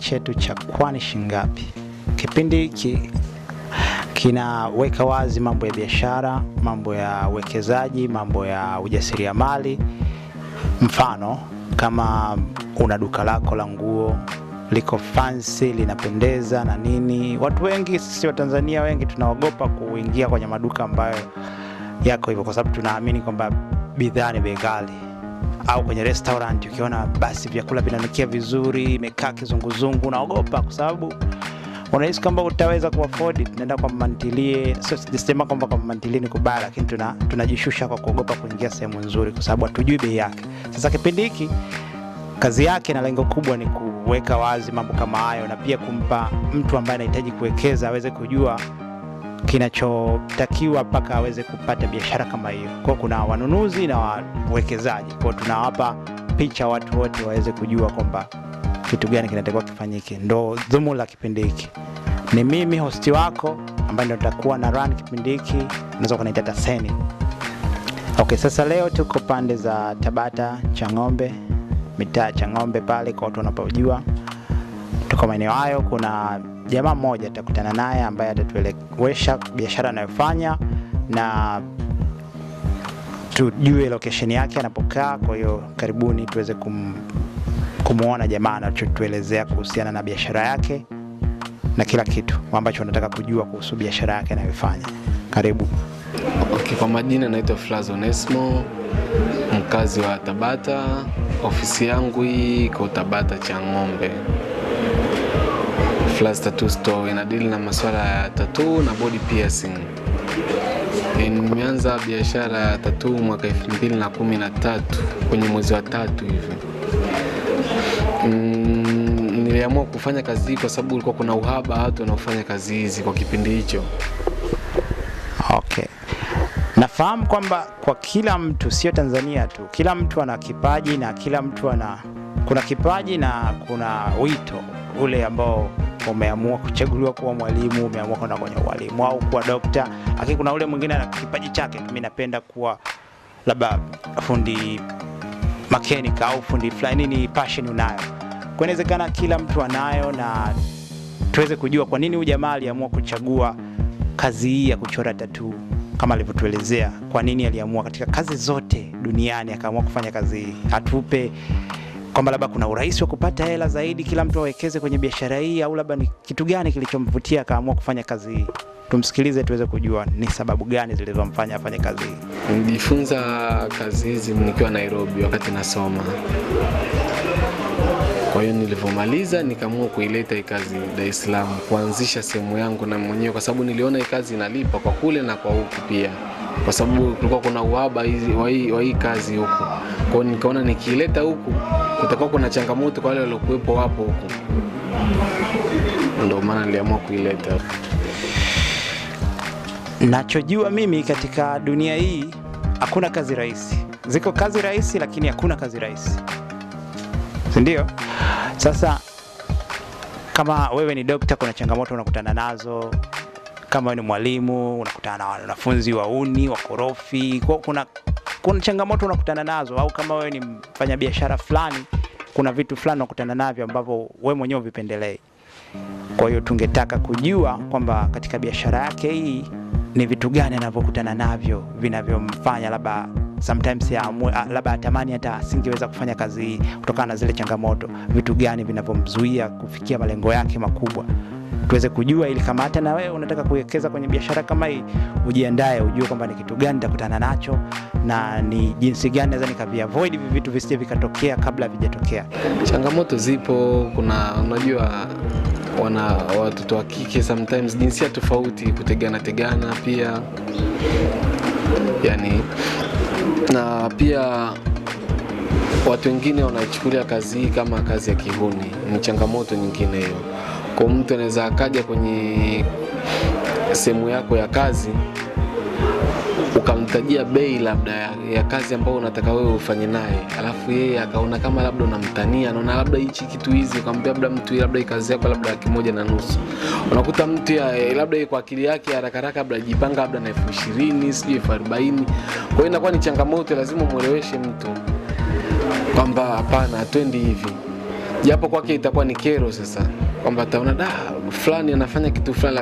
chetu cha Kwani Shingapi. Kipindi hiki kinaweka wazi mambo ya biashara, mambo ya uwekezaji, mambo ya ujasiriamali. Mfano, kama una duka lako la nguo liko fancy linapendeza na nini. Watu wengi sisi Watanzania wengi tunaogopa kuingia kwenye maduka ambayo yako hivyo, kwa sababu tunaamini kwamba bidhaa ni bei ghali au kwenye restaurant ukiona basi vyakula vinanukia vizuri, imekaa kizunguzungu, unaogopa kwa sababu unahisi kwamba utaweza kuafodi. Tunaenda kwa mantilie, sisema kwamba kwa mantilie ni kubaya, lakini tunajishusha kwa kuogopa kuingia sehemu nzuri, kwa sababu hatujui bei yake. Sasa kipindi hiki kazi yake na lengo kubwa ni kuweka wazi mambo kama hayo, na pia kumpa mtu ambaye anahitaji kuwekeza aweze kujua kinachotakiwa mpaka aweze kupata biashara kama hiyo. Kwa kuna wanunuzi na wawekezaji, kwa tunawapa picha watu wote waweze kujua kwamba kitu gani kinatakiwa kifanyike. Ndo dhumu la kipindi hiki. Ni mimi hosti wako ambaye ndo nitakuwa na run kipindi hiki, naweza kunaita Taseni. Okay, sasa leo tuko pande za Tabata Chang'ombe, mitaa Chang'ombe pale kwa watu wanapojua, tuko maeneo hayo kuna jamaa mmoja atakutana naye ambaye atatuelewesha biashara anayofanya na tujue location yake anapokaa. Kwa hiyo karibuni tuweze kum, kumwona jamaa anachotuelezea kuhusiana na biashara yake na kila kitu ambacho unataka kujua kuhusu biashara yake anayofanya. Karibu. Okay, kwa majina naitwa Flazo Onesmo, mkazi wa Tabata. Ofisi yangu hii iko Tabata cha ng'ombe. Flash Tattoo Store inadili na masuala ya tattoo na body piercing. E, nimeanza biashara ya tattoo mwaka 2013 kwenye mwezi wa tatu hivi. Mm, niliamua kufanya kazi hii kwa sababu ulikuwa kuna uhaba watu wanaofanya kazi hizi kwa kipindi hicho. Okay. Nafahamu kwamba kwa kila mtu, sio Tanzania tu, kila mtu ana kipaji na kila mtu ana kuna kipaji na kuna wito ule ambao umeamua kuchaguliwa kuwa mwalimu, umeamua kwenda kwenye ualimu au kuwa dokta, lakini kuna ule mwingine ana kipaji chake, mimi napenda kuwa labda fundi mechanic au fundi fulani, ni passion unayo. Kwa inawezekana kila mtu anayo, na tuweze kujua kwa nini huyu jamaa aliamua kuchagua kazi hii ya kuchora tatu kama alivyotuelezea kwa nini aliamua katika kazi zote duniani akaamua kufanya kazi hii. Atupe kwamba labda kuna urahisi wa kupata hela zaidi, kila mtu awekeze kwenye biashara hii, au labda ni kitu gani kilichomvutia akaamua kufanya kazi hii? Tumsikilize tuweze kujua ni sababu gani zilizomfanya afanye kazi hii. Nilijifunza kazi hizi nikiwa Nairobi wakati nasoma, kwa hiyo nilivyomaliza nikaamua kuileta hii kazi Dar es Salaam, kuanzisha sehemu yangu na mwenyewe, kwa sababu niliona hii kazi inalipa kwa kule na kwa huku pia kwa sababu kulikuwa kuna uhaba wa hii kazi huku. Kwa hiyo nikaona nikiileta huku kutakuwa kuna changamoto kwa wale waliokuwepo wapo huku, ndio maana niliamua kuileta. Nachojua mimi katika dunia hii hakuna kazi rahisi, ziko kazi rahisi, lakini hakuna kazi rahisi, si ndio? Sasa kama wewe ni dokta, kuna changamoto unakutana nazo kama ni mwalimu unakutana na wanafunzi wauni, wakorofi, kwa kuna kuna changamoto unakutana nazo, au kama wewe ni mfanyabiashara fulani, kuna vitu fulani unakutana navyo ambavyo wewe mwenyewe vipendelee Kwa hiyo tungetaka kujua kwamba katika biashara yake hii ni vitu gani anavyokutana navyo vinavyomfanya labda sometimes labda atamani hata asingeweza kufanya kazi hii kutokana na zile changamoto. Vitu gani vinavyomzuia kufikia malengo yake makubwa? tuweze kujua, ili kama hata na wewe unataka kuwekeza kwenye biashara kama hii, ujiandae, ujue kwamba ni kitu gani nitakutana nacho na ni jinsi gani naweza nikavi avoid hivi vitu visije vikatokea kabla vijatokea. Changamoto zipo, kuna unajua wana watoto wa kike sometimes jinsia tofauti kutegana tegana pia yani, na pia watu wengine wanaichukulia kazi hii kama kazi ya kihuni. Ni changamoto nyingine hiyo. Kwa mtu anaweza akaja kwenye sehemu yako ya kazi ukamtajia bei labda ya, ya kazi ambayo unataka wewe ufanye naye, alafu yeye akaona kama labda unamtania, anaona labda hichi kitu hizi, ukamwambia labda mtu labda kazi yako labda laki moja na nusu, unakuta mtu ya, eh, labda kwa akili yake haraka haraka labda ajipanga labda na elfu ishirini sijui elfu arobaini Kwa hiyo inakuwa ni changamoto, lazima umweleweshe mtu kwamba hapana, twendi hivi japo kwake itakuwa ni kero sasa, kwamba ataona da fulani anafanya kitu fulani,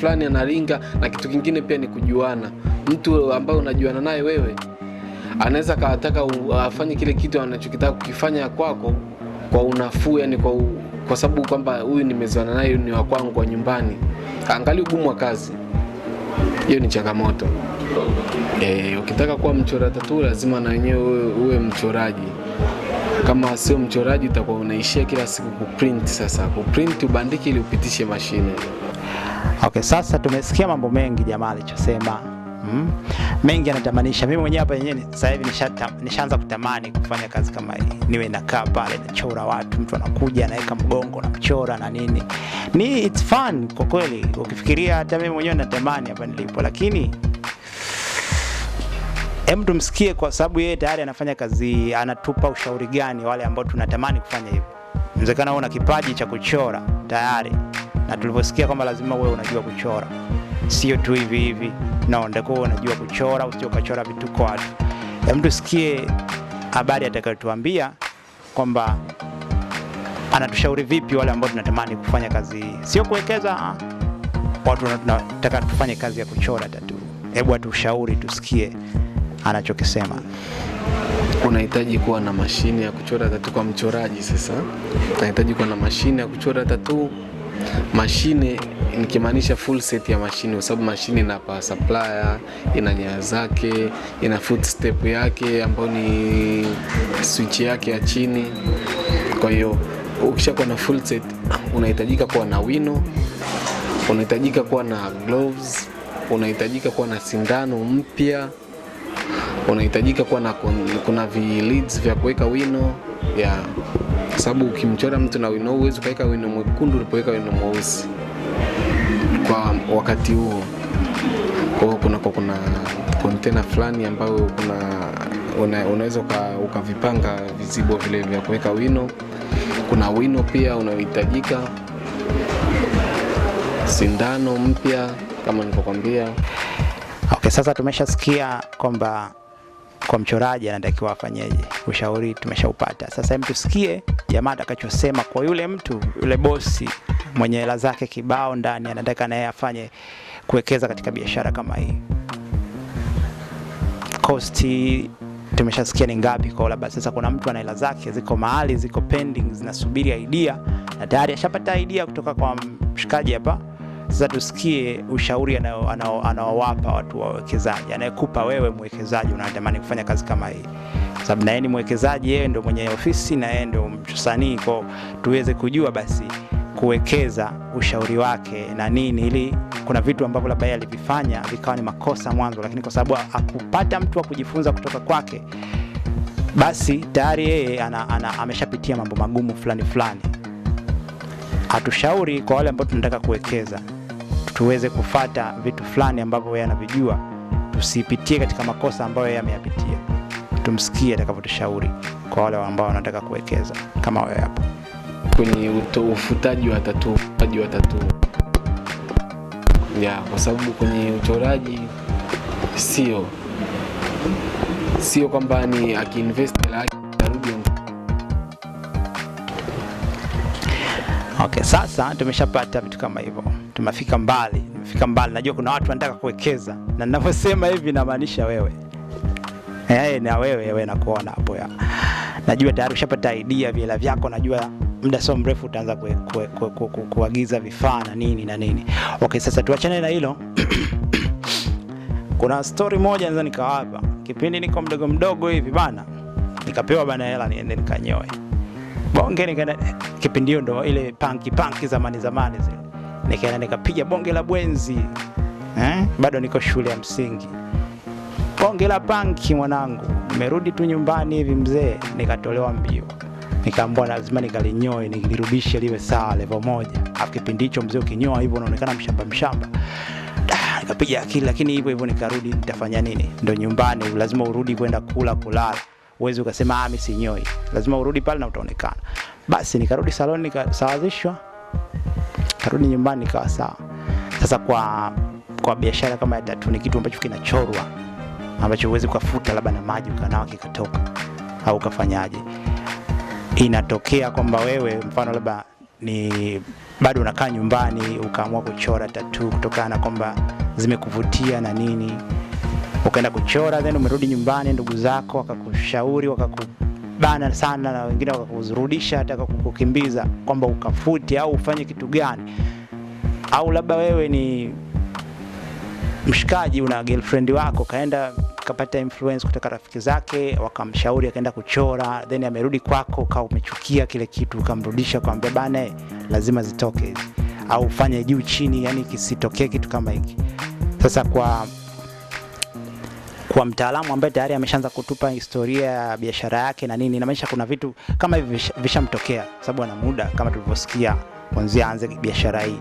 fulani analinga. Na kitu kingine pia ni kujuana, mtu ambaye unajuana naye wewe anaweza akataka afanye kile kitu anachokitaka kukifanya kwako kwa unafuu, yani kwa, kwa sababu kwamba huyu nimezoana naye, ni wa kwangu nyumbani, angali ugumu wa kazi hiyo ni changamoto e. Ukitaka kuwa mchora tatu lazima na wenyewe uwe mchoraji. Kama sio mchoraji, utakuwa unaishia kila siku kuprint. Sasa kuprint, ubandike ili upitishe mashine. Okay, sasa tumesikia mambo mengi jamaa alichosema. Mm. Mengi anatamanisha. Mimi mwenyewe hapa yenyewe sasa hivi nishaanza kutamani kufanya kazi kama hii, niwe nakaa pale nachora watu, mtu anakuja anaweka mgongo nachora na nini. Ni it's fun kwa kweli, ukifikiria hata mimi mwenyewe natamani hapa nilipo, lakini Hem, tumsikie kwa sababu yeye tayari anafanya kazi, anatupa ushauri gani wale ambao tunatamani kufanya hivyo. Inawezekana una kipaji cha kuchora tayari, na tulivyosikia kwamba lazima wewe unajua kuchora, sio tu hivi hivi, no, ndako unajua kuchora, usije ukachora vitu kwa watu. Hem, tusikie habari atakayotuambia kwamba anatushauri vipi wale ambao tunatamani kufanya kazi, sio kuwekeza ah, watu, tunataka tufanye kazi ya kuchora tatu. Hebu atushauri tusikie anachokisema. Unahitaji kuwa na mashine ya kuchora tatu kwa mchoraji. Sasa unahitaji kuwa na mashine ya kuchora tatu, mashine nikimaanisha full set ya mashine, kwa sababu mashine ina power supplier, ina nyaya zake, ina footstep yake ambayo ni switch yake ya chini. Kwa hiyo ukishakuwa na full set, unahitajika kuwa na wino, unahitajika kuwa na gloves, unahitajika kuwa na sindano mpya unahitajika kuwa na kuna vi leads vya kuweka wino ya yeah. Sababu ukimchora mtu na wino huwezi ukaweka wino mwekundu ulipoweka wino mweusi kwa wakati huo. Kwa hiyo kuna kuna kontena fulani ambayo kuna una, unaweza ukavipanga vizibo vile vya kuweka wino. Kuna wino pia unaohitajika, sindano mpya kama nilivyokwambia. Okay, sasa tumeshasikia kwamba kwa mchoraji anatakiwa afanyeje. Ushauri tumeshaupata, sasa hem, tusikie jamaa atakachosema kwa yule mtu, yule bosi mwenye hela zake kibao ndani, anataka naye afanye kuwekeza katika biashara kama hii. Kosti tumeshasikia ni ngapi kwa labda. Sasa kuna mtu ana hela zake ziko mahali, ziko pending, zinasubiri idea na tayari ashapata idea kutoka kwa mshikaji hapa sasa tusikie ushauri anaowapa watu wawekezaji, anayekupa wewe mwekezaji unatamani kufanya kazi kama hii, sababu naye ni mwekezaji, yeye ndio mwenye ofisi na yeye ndio msanii, kwa tuweze kujua basi kuwekeza ushauri wake na nini, ili kuna vitu ambavyo labda yeye alivifanya vikawa ni makosa mwanzo, lakini kwa sababu akupata mtu wa kujifunza kutoka kwake, basi tayari yeye ameshapitia mambo magumu fulani fulani. Hatushauri kwa wale ambao tunataka kuwekeza tuweze kufata vitu fulani ambavyo yeye anavijua, tusipitie katika makosa ambayo yeye ameyapitia. Tumsikie atakavyotushauri kwa wale ambao wanataka kuwekeza kama wewe hapo kwenye ufutaji wa tatu wa tatu ya, kwa sababu kwenye uchoraji sio sio kwamba ni akiinvest Okay, sasa tumeshapata vitu kama hivyo tumefika mbali, tumefika mbali. Najua kuna watu wanataka kuwekeza, na ninavyosema hivi namaanisha wewe eh, na wewe wewe, nakuona hapo ya. Najua tayari ushapata idea vile vyako, najua muda sio mrefu utaanza kuagiza vifaa na nini na nini. Okay, sasa tuachane na hilo kuna story moja naweza nikawapa. Kipindi niko mdogo mdogo hivi bana, nikapewa bana hela niende nikanyoe bonge, nikaenda. Kipindi hiyo ndo ile punk punk zamani zamani zile nikaenda nikapiga bonge la bwenzi eh? Bado niko shule ya msingi, bonge la panki mwanangu. Nimerudi tu nyumbani hivi mzee, nikatolewa mbio, nikaambiwa lazima nikalinyoe nikilirudishe liwe sawa level moja. Afu kipindi hicho mzee, ukinyoa hivyo unaonekana mshamba mshamba nikapiga akili, lakini hivyo hivyo nikarudi, nitafanya nini? Ndo nyumbani, lazima urudi kwenda kula kulala, uwezi ukasema ah, mimi sinyoi. Lazima urudi pale na utaonekana. Basi nikarudi saloni, nikasawazishwa karudi nyumbani kawa sawa. Sasa kwa kwa biashara kama ya tatu ni kitu ambacho kinachorwa ambacho huwezi kufuta labda na maji ukanawa kikatoka au ukafanyaje. Inatokea kwamba wewe mfano labda ni bado unakaa nyumbani ukaamua kuchora tatu kutokana na kwamba zimekuvutia na nini, ukaenda kuchora, then umerudi nyumbani, ndugu zako wakakushauri wakaku kukubana sana na wengine wakakuzurudisha hata kukukimbiza kwamba ukafuti au ufanye kitu gani, au labda wewe ni mshikaji, una girlfriend wako kaenda kapata influence kutoka rafiki zake, wakamshauri akaenda kuchora, then amerudi kwako, ka umechukia kile kitu, ukamrudisha ukamwambia bana, lazima zitoke hizi, au ufanye juu chini, yani kisitokee kitu kama hiki. Sasa kwa kwa mtaalamu ambaye tayari ameshaanza kutupa historia ya biashara yake na nini, inamaanisha kuna vitu kama hivi vishamtokea, sababu ana muda kama tulivyosikia kuanzia anze biashara hii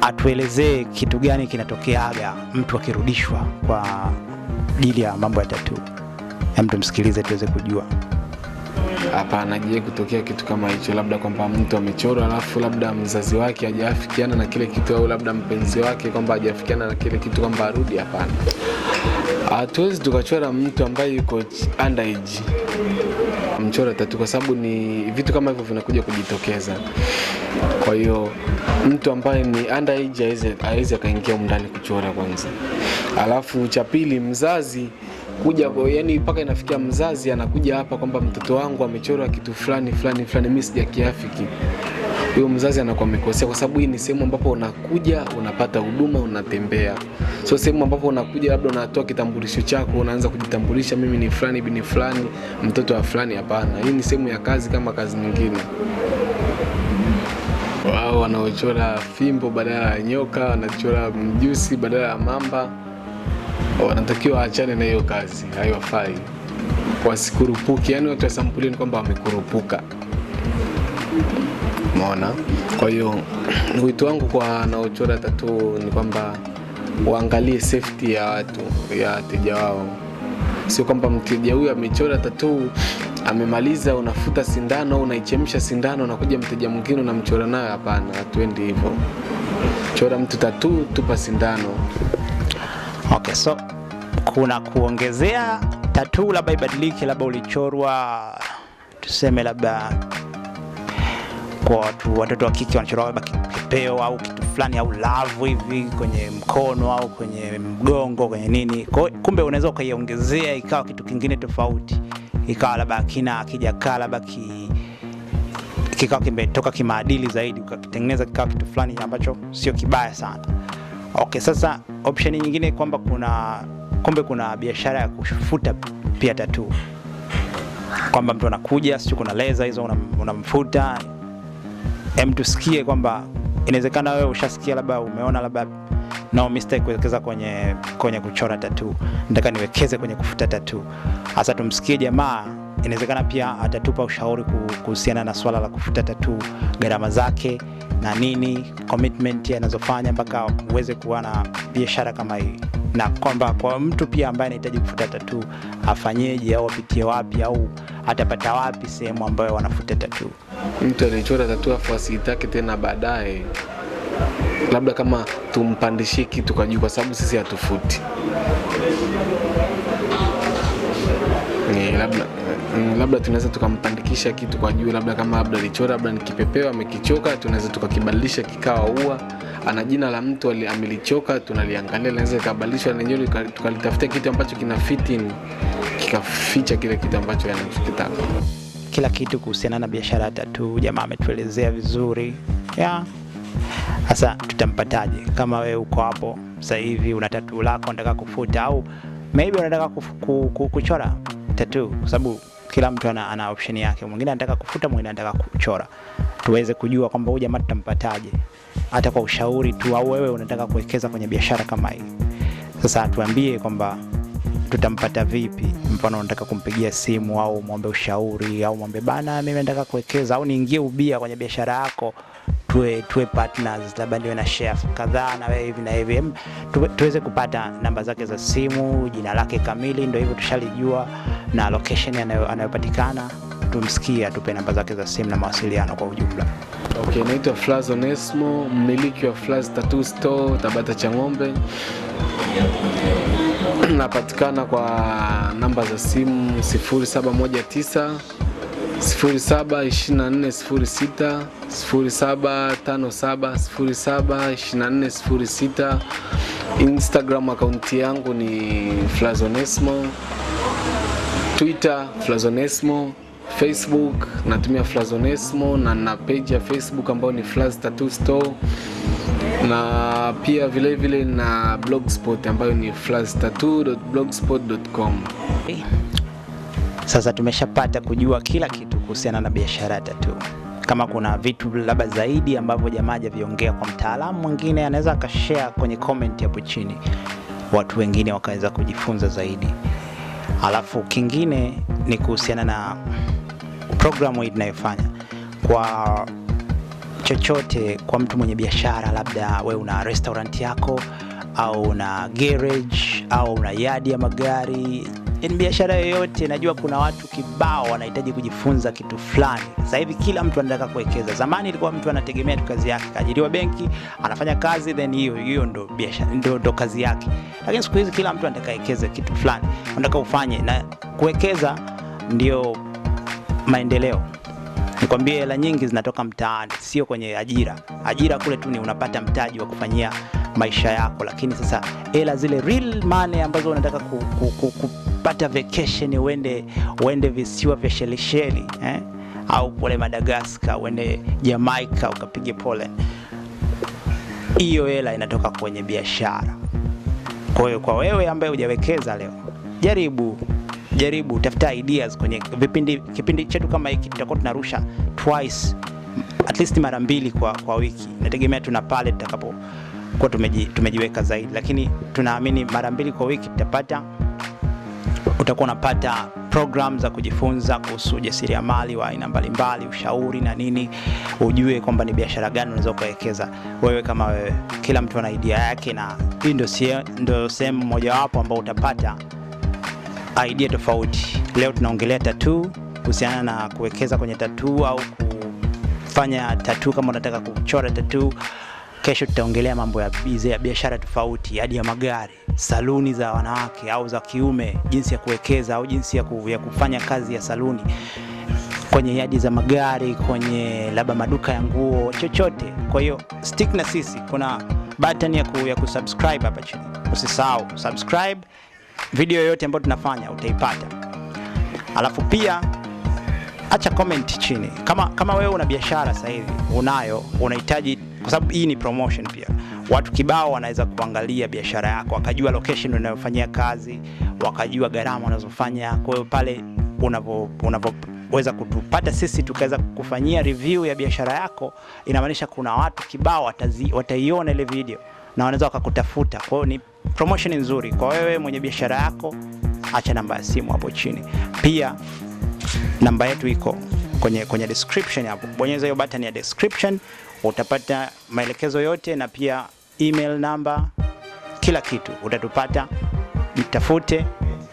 atuelezee kitu gani kinatokeaga mtu akirudishwa kwa ajili ya mambo ya tatu Hem, tumsikilize tuweze kujua. Hapana, je, kutokea kitu kama hicho, labda kwamba mtu amechorwa alafu labda mzazi wake hajafikiana na kile kitu, au labda mpenzi wake kwamba hajafikiana na kile kitu kwamba arudi? Hapana. Hatuwezi tukachora mtu ambaye yuko underage mchora tatu, kwa sababu ni vitu kama hivyo vinakuja kujitokeza. Kwa hiyo mtu ambaye ni underage hawezi akaingia ndani kuchora kwanza, alafu cha pili mzazi kuja yani, mpaka inafikia mzazi anakuja hapa kwamba mtoto wangu amechora kitu fulani fulani fulani, mimi sijakiafiki huyo mzazi anakuwa amekosea, kwa sababu hii ni sehemu ambapo unakuja unapata huduma unatembea, so sehemu ambapo unakuja labda unatoa kitambulisho chako unaanza kujitambulisha, mimi ni fulani bini fulani mtoto wa fulani. Hapana, hii ni sehemu ya kazi kama kazi nyingine. Wao wanaochora fimbo badala ya nyoka, wanachora mjusi badala ya mamba, wanatakiwa waachane na hiyo kazi, haiwafai wasikurupuki. Yani watu wa kwamba wamekurupuka maona Kwa hiyo wito wangu kwa wanaochora tatuu ni kwamba waangalie safety ya watu ya wateja wao, sio kwamba mteja huyu amechora tatuu amemaliza, unafuta sindano unaichemsha sindano, nakuja mteja mwingine unamchora nayo. Hapana, hatuendi hivyo. Chora mtu tatuu, tupa sindano. Okay, so kuna kuongezea tatuu, labda ibadiliki labda ulichorwa tuseme labda kwa watu watoto wa kike wanachora kipeo au kitu fulani au lavu hivi kwenye mkono au kwenye mgongo kwenye nini. Kwa kumbe unaweza ukaiongezea ikawa kitu kingine tofauti, ikawa labda kina akijakaa labda ki kikawa kimetoka kimaadili zaidi, ukakitengeneza kikawa kitu fulani ambacho sio kibaya sana. Okay, sasa option nyingine kwamba kuna kumbe kuna biashara ya kufuta pia tatu kwamba mtu anakuja, sio kuna leza hizo unamfuta una hem tusikie kwamba inawezekana wewe ushasikia, labda umeona labda no mistake kuwekeza kwenye, kwenye kuchora tatuu nataka niwekeze kwenye kufuta tatuu Hasa tumsikie jamaa inawezekana pia atatupa ushauri kuhusiana na swala la kufuta tatuu, gharama zake na nini, commitment anazofanya mpaka uweze kuwa na biashara kama hii, na kwamba kwa mtu pia ambaye anahitaji kufuta tatuu afanyeje, au apitie wapi, au atapata wapi sehemu ambayo wanafuta tatuu. Mtu anaichora tatu afu asiitake tena baadaye, labda kama tumpandishie kitu kwa juu, kwa sababu sisi hatufuti labda mm, labda tunaweza tukampandikisha kitu kwa juu, labda kama labda alichora labda nikipepewa amekichoka, tunaweza tukakibadilisha kikawa ua. Ana jina la mtu amelichoka, tunaliangalia linaweza likabadilishwa lenyewe, tukalitafutia kitu ambacho kina fitting kikaficha kile kitu ambacho yanachokitaka. Kila kitu kuhusiana na biashara ya tatuu, jamaa ametuelezea vizuri yeah. tutampataje? Kama wewe uko hapo sasa hivi una tatuu lako unataka kufuta, au maybe unataka kuchora tatuu, kwa sababu kila mtu ana, ana option yake, mwingine anataka kufuta, mwingine anataka kuchora, tuweze kujua kwamba huyu jamaa tutampataje, hata kwa ushauri tu, au wewe unataka kuwekeza kwenye biashara kama hii. Sasa tuambie kwamba tutampata vipi? Mfano unataka kumpigia simu au mwombe ushauri au mwombe bana, mimi nataka kuwekeza au niingie ubia kwenye biashara yako, tuwe, tuwe partners, labda ndio na share kadhaa na wewe hivi na hivi, tuweze kupata namba zake za simu, jina lake kamili, ndio hivyo tushalijua, na location anayopatikana tumsikie, atupe namba zake za simu na mawasiliano kwa ujumla. Okay, naitwa Flaz Onesmo, mmiliki wa Flaz Tattoo Store Tabata ngombe Napatikana kwa namba za simu 0719 072406 Instagram akaunti yangu ni Flazonesmo, Twitter Flazonesmo, Facebook natumia Flazonesmo na na page ya Facebook ambayo ni Flaz Tattoo Store na pia vile vile na blogspot ambayo ni flaztattoo.blogspot.com. Sasa tumeshapata kujua kila kitu kuhusiana na biashara ya tattoo. Kama kuna vitu labda zaidi ambavyo jamaa hajaviongea kwa mtaalamu mwingine, anaweza akashare kwenye comment hapo chini, watu wengine wakaweza kujifunza zaidi. Alafu kingine ni kuhusiana na programu hii tunayofanya kwa chochote kwa mtu mwenye biashara, labda we una restaurant yako au una garage au una yadi ya magari Yaani biashara yoyote najua kuna watu kibao wanahitaji kujifunza kitu fulani. Sasa hivi kila mtu anataka kuwekeza. Zamani ilikuwa mtu anategemea tu kazi yake, kaajiriwa benki, anafanya kazi then hiyo hiyo ndo biashara ndo, ndo kazi yake. Lakini siku hizi kila mtu anataka wekeze kitu fulani. anataka ufanye na kuwekeza ndio maendeleo. Nikwambie, hela nyingi zinatoka mtaani, sio kwenye ajira. Ajira kule tu ni unapata mtaji wa kufanyia maisha yako, lakini sasa hela zile real money ambazo unataka ku, ku, ku, ku pata vacation uende, uende visiwa vya Shelisheli eh? au pole Madagascar, uende Jamaica ukapige pole. Hiyo hela inatoka kwenye biashara. Kwa hiyo kwa wewe ambaye hujawekeza leo, jaribu jaribu, tafuta ideas kwenye vipindi. Kipindi chetu kama hiki tutakuwa tunarusha twice at least mara mbili kwa, kwa wiki. Nategemea tuna pale tutakapokuwa tumeji, tumejiweka zaidi, lakini tunaamini mara mbili kwa wiki tutapata utakuwa unapata program za kujifunza kuhusu ujasiriamali wa aina mbalimbali, ushauri na nini, ujue kwamba ni biashara gani unaweza ukawekeza wewe kama wewe. Kila mtu ana idea yake, na hii ndio sehemu mojawapo ambao utapata idea tofauti. Leo tunaongelea tatuu, kuhusiana na kuwekeza kwenye tatuu au kufanya tatuu, kama unataka kuchora tatuu Kesho tutaongelea mambo ya bize, ya biashara tofauti, hadi ya magari, saluni za wanawake au za kiume, jinsi ya kuwekeza au jinsi ya kufanya kazi ya saluni kwenye yadi za magari, kwenye labda maduka ya nguo, chochote. Kwa hiyo stick na sisi, kuna button ya, ku, ya kusubscribe hapa chini. Usisahau subscribe, video yoyote ambayo tunafanya utaipata, alafu pia acha comment chini kama, kama wewe una biashara sasa hivi unayo, unahitaji kwa sababu hii ni promotion pia. Watu kibao wanaweza kuangalia biashara yako wakajua location unayofanyia kazi, wakajua gharama unazofanya. Kwa hiyo pale unavyoweza kutupata sisi tukaweza kufanyia review ya biashara yako, inamaanisha kuna watu kibao wataiona ile video na wanaweza wakakutafuta. Kwa ni promotion nzuri kwa wewe mwenye biashara yako. Acha namba ya simu hapo chini pia namba yetu iko kwenye, kwenye description hapo. Bonyeza hiyo button ya description, utapata maelekezo yote na pia email namba, kila kitu utatupata. Mtafute,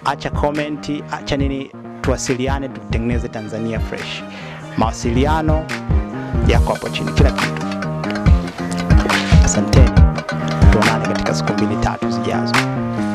acha komenti, acha nini, tuwasiliane, tutengeneze Tanzania fresh. Mawasiliano yako hapo chini, kila kitu. Asanteni, tuonane katika siku mbili tatu zijazo.